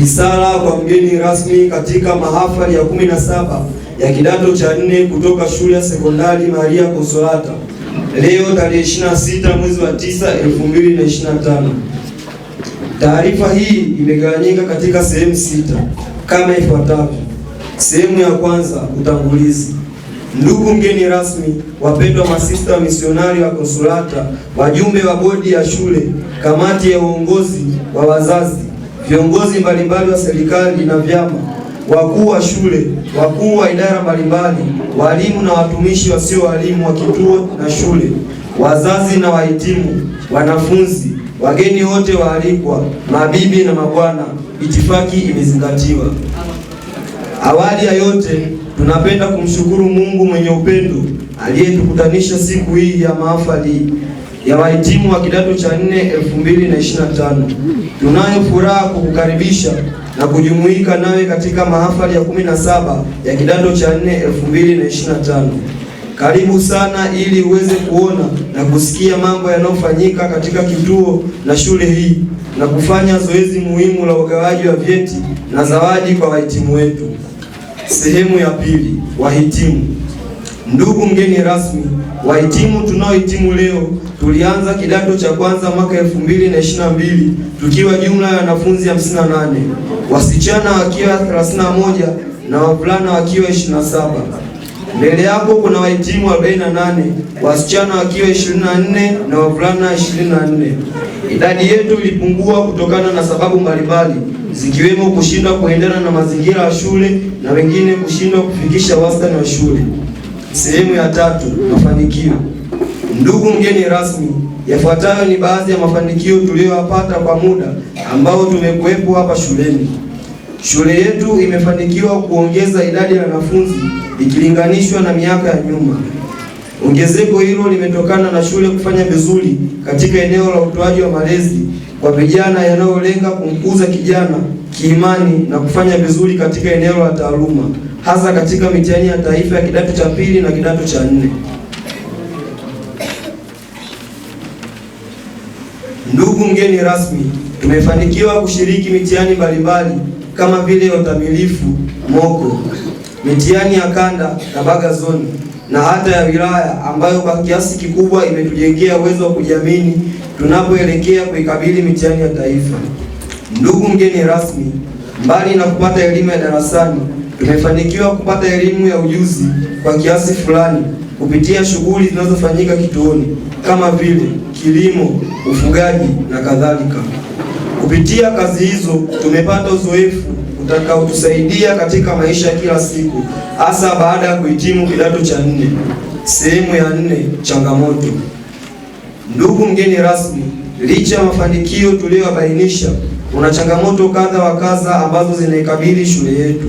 Risala kwa mgeni rasmi katika mahafali ya kumi na saba ya kidato cha nne kutoka shule ya sekondari Maria Consolata leo tarehe 26 mwezi wa 9 2025. Taarifa hii imegawanyika katika sehemu sita kama ifuatavyo. Sehemu ya kwanza, utangulizi. Ndugu mgeni rasmi, wapendwa masista wa misionari wa Consolata, wajumbe wa bodi ya shule, kamati ya uongozi wa wazazi viongozi mbalimbali wa serikali na vyama, wakuu wa shule, wakuu wa idara mbalimbali, walimu na watumishi wasio walimu wa kituo na shule, wazazi na wahitimu, wanafunzi, wageni wote waalikwa, mabibi na mabwana, itifaki imezingatiwa. Awali ya yote tunapenda kumshukuru Mungu mwenye upendo aliyetukutanisha siku hii ya mahafali ya wahitimu wa kidato cha nne 2025. Tunayo furaha kukukaribisha na kujumuika nawe katika mahafali ya 17 ya kidato cha nne 2025. Karibu sana ili uweze kuona na kusikia mambo yanayofanyika katika kituo na shule hii na kufanya zoezi muhimu la ugawaji wa vyeti na zawadi kwa wahitimu wetu. Sehemu ya pili, wahitimu. Ndugu mgeni rasmi, wahitimu tunaohitimu leo, tulianza kidato cha kwanza mwaka 2022 tukiwa jumla ya wanafunzi 58, wasichana wakiwa 31 na wavulana wakiwa 27. Mbele yako kuna wahitimu 48, wasichana wakiwa 24 na wavulana 24. Idadi yetu ilipungua kutokana na sababu mbalimbali zikiwemo kushindwa kuendana na mazingira ya shule na wengine kushindwa kufikisha wastani wa shule. Sehemu ya tatu, mafanikio. Ndugu mgeni rasmi, yafuatayo ni baadhi ya mafanikio tuliyoyapata kwa muda ambao tumekuwepo hapa shuleni. Shule yetu imefanikiwa kuongeza idadi ya wanafunzi ikilinganishwa na miaka ya nyuma. Ongezeko hilo limetokana na shule kufanya vizuri katika eneo la utoaji wa malezi kwa vijana yanayolenga kumkuza kijana kiimani na kufanya vizuri katika eneo la taaluma hasa katika mitihani ya taifa ya kidato cha pili na kidato cha nne. Ndugu mgeni rasmi, tumefanikiwa kushiriki mitihani mbalimbali kama vile utamilifu moko, mitihani ya kanda na baga zoni na hata ya wilaya ambayo kwa kiasi kikubwa imetujengea uwezo wa kujiamini tunapoelekea kuikabili mitihani ya taifa. Ndugu mgeni rasmi, mbali na kupata elimu ya darasani Tumefanikiwa kupata elimu ya ujuzi kwa kiasi fulani kupitia shughuli zinazofanyika kituoni kama vile kilimo, ufugaji na kadhalika. Kupitia kazi hizo tumepata uzoefu utakaotusaidia katika maisha kila siku, hasa baada ya kuhitimu kidato cha nne. Sehemu ya nne: changamoto. Ndugu mgeni rasmi, licha ya mafanikio tuliyobainisha, kuna changamoto kadha wa kadha ambazo zinaikabili shule yetu.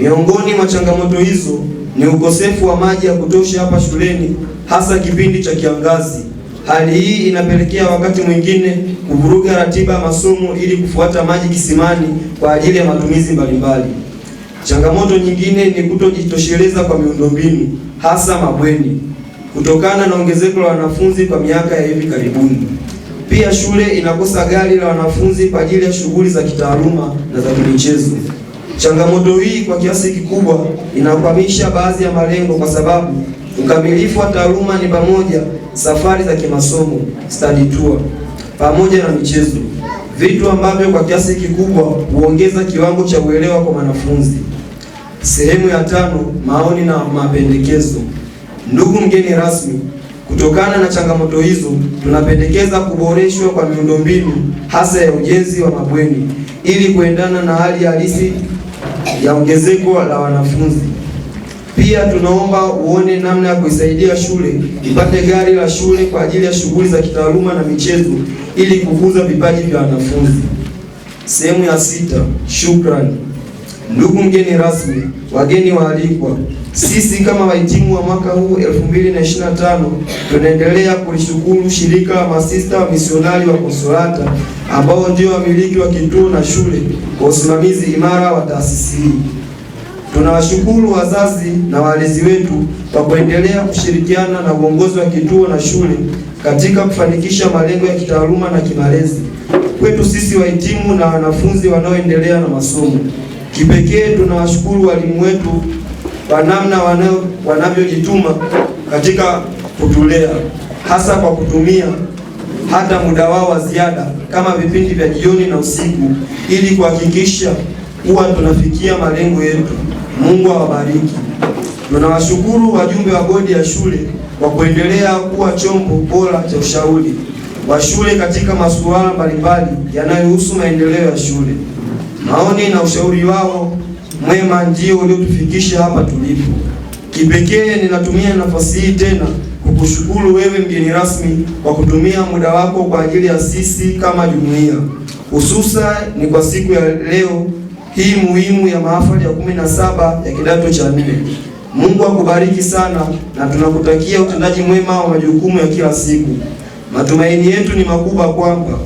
Miongoni mwa changamoto hizo ni ukosefu wa maji ya kutosha hapa shuleni, hasa kipindi cha kiangazi. Hali hii inapelekea wakati mwingine kuvuruga ratiba ya masomo ili kufuata maji kisimani kwa ajili ya matumizi mbalimbali. Changamoto nyingine ni kutojitosheleza kwa miundombinu hasa mabweni kutokana na ongezeko la wanafunzi kwa miaka ya hivi karibuni. Pia shule inakosa gari la wanafunzi kwa ajili ya shughuli za kitaaluma na za kimichezo. Changamoto hii kwa kiasi kikubwa inakwamisha baadhi ya malengo kwa sababu ukamilifu wa taaluma ni pamoja safari za kimasomo, study tour, pamoja na michezo, vitu ambavyo kwa kiasi kikubwa huongeza kiwango cha uelewa kwa mwanafunzi. Sehemu ya tano, maoni na mapendekezo. Ndugu mgeni rasmi, kutokana na changamoto hizo, tunapendekeza kuboreshwa kwa miundombinu hasa ya ujenzi wa mabweni ili kuendana na hali halisi ya ongezeko la wanafunzi. Pia tunaomba uone namna ya kuisaidia shule ipate gari la shule kwa ajili ya shughuli za kitaaluma na michezo ili kukuza vipaji vya wanafunzi. Sehemu ya sita, shukrani. Ndugu mgeni rasmi, wageni waalikwa, sisi kama wahitimu wa mwaka huu 2025 tunaendelea kulishukuru shirika la masista wa misionari wa Konsolata ambao ndio wamiliki wa kituo na shule kwa usimamizi imara wa taasisi hii. Tunawashukuru wazazi na walezi wetu kwa kuendelea kushirikiana na uongozi wa kituo na shule katika kufanikisha malengo ya kitaaluma na kimalezi kwetu sisi wahitimu na wanafunzi wanaoendelea na masomo. Kipekee tunawashukuru walimu wetu kwa namna wanavyojituma katika kutulea, hasa kwa kutumia hata muda wao wa ziada kama vipindi vya jioni na usiku, ili kuhakikisha kuwa tunafikia malengo yetu. Mungu awabariki. Tunawashukuru wajumbe wa bodi ya shule kwa kuendelea kuwa chombo bora cha ushauri wa shule katika masuala mbalimbali yanayohusu maendeleo ya shule maoni na ushauri wao mwema ndio uliotufikisha hapa tulipo. Kipekee ninatumia nafasi hii tena kukushukuru wewe mgeni rasmi kwa kutumia muda wako kwa ajili ya sisi kama jumuiya, hususa ni kwa siku ya leo hii muhimu ya mahafali ya kumi na saba ya kidato cha nne. Mungu akubariki sana na tunakutakia utendaji mwema wa majukumu ya kila siku. Matumaini yetu ni makubwa kwamba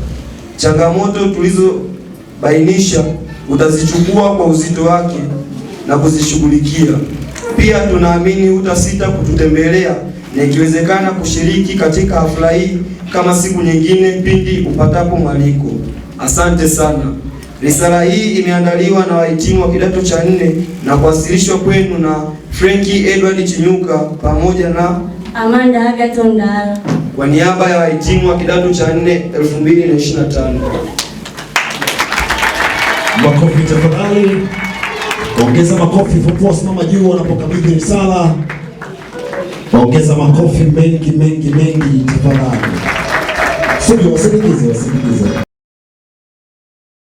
changamoto tulizo bainisha, utazichukua kwa uzito wake na kuzishughulikia. Pia tunaamini utasita kututembelea na ikiwezekana kushiriki katika hafla hii kama siku nyingine pindi upatapo mwaliko. Asante sana. Risala hii imeandaliwa na wahitimu wa kidato cha nne na kuwasilishwa kwenu na Frenki Edward Chinyuka pamoja na Amanda Agaton kwa niaba ya wahitimu wa kidato cha nne 2025. Makofi tafadhali, ongeza makofi popoa, simama juu wanapokabidhi risala, ongeza makofi mengi mengi mengi tafadhali, sio wasindikize, wasindikize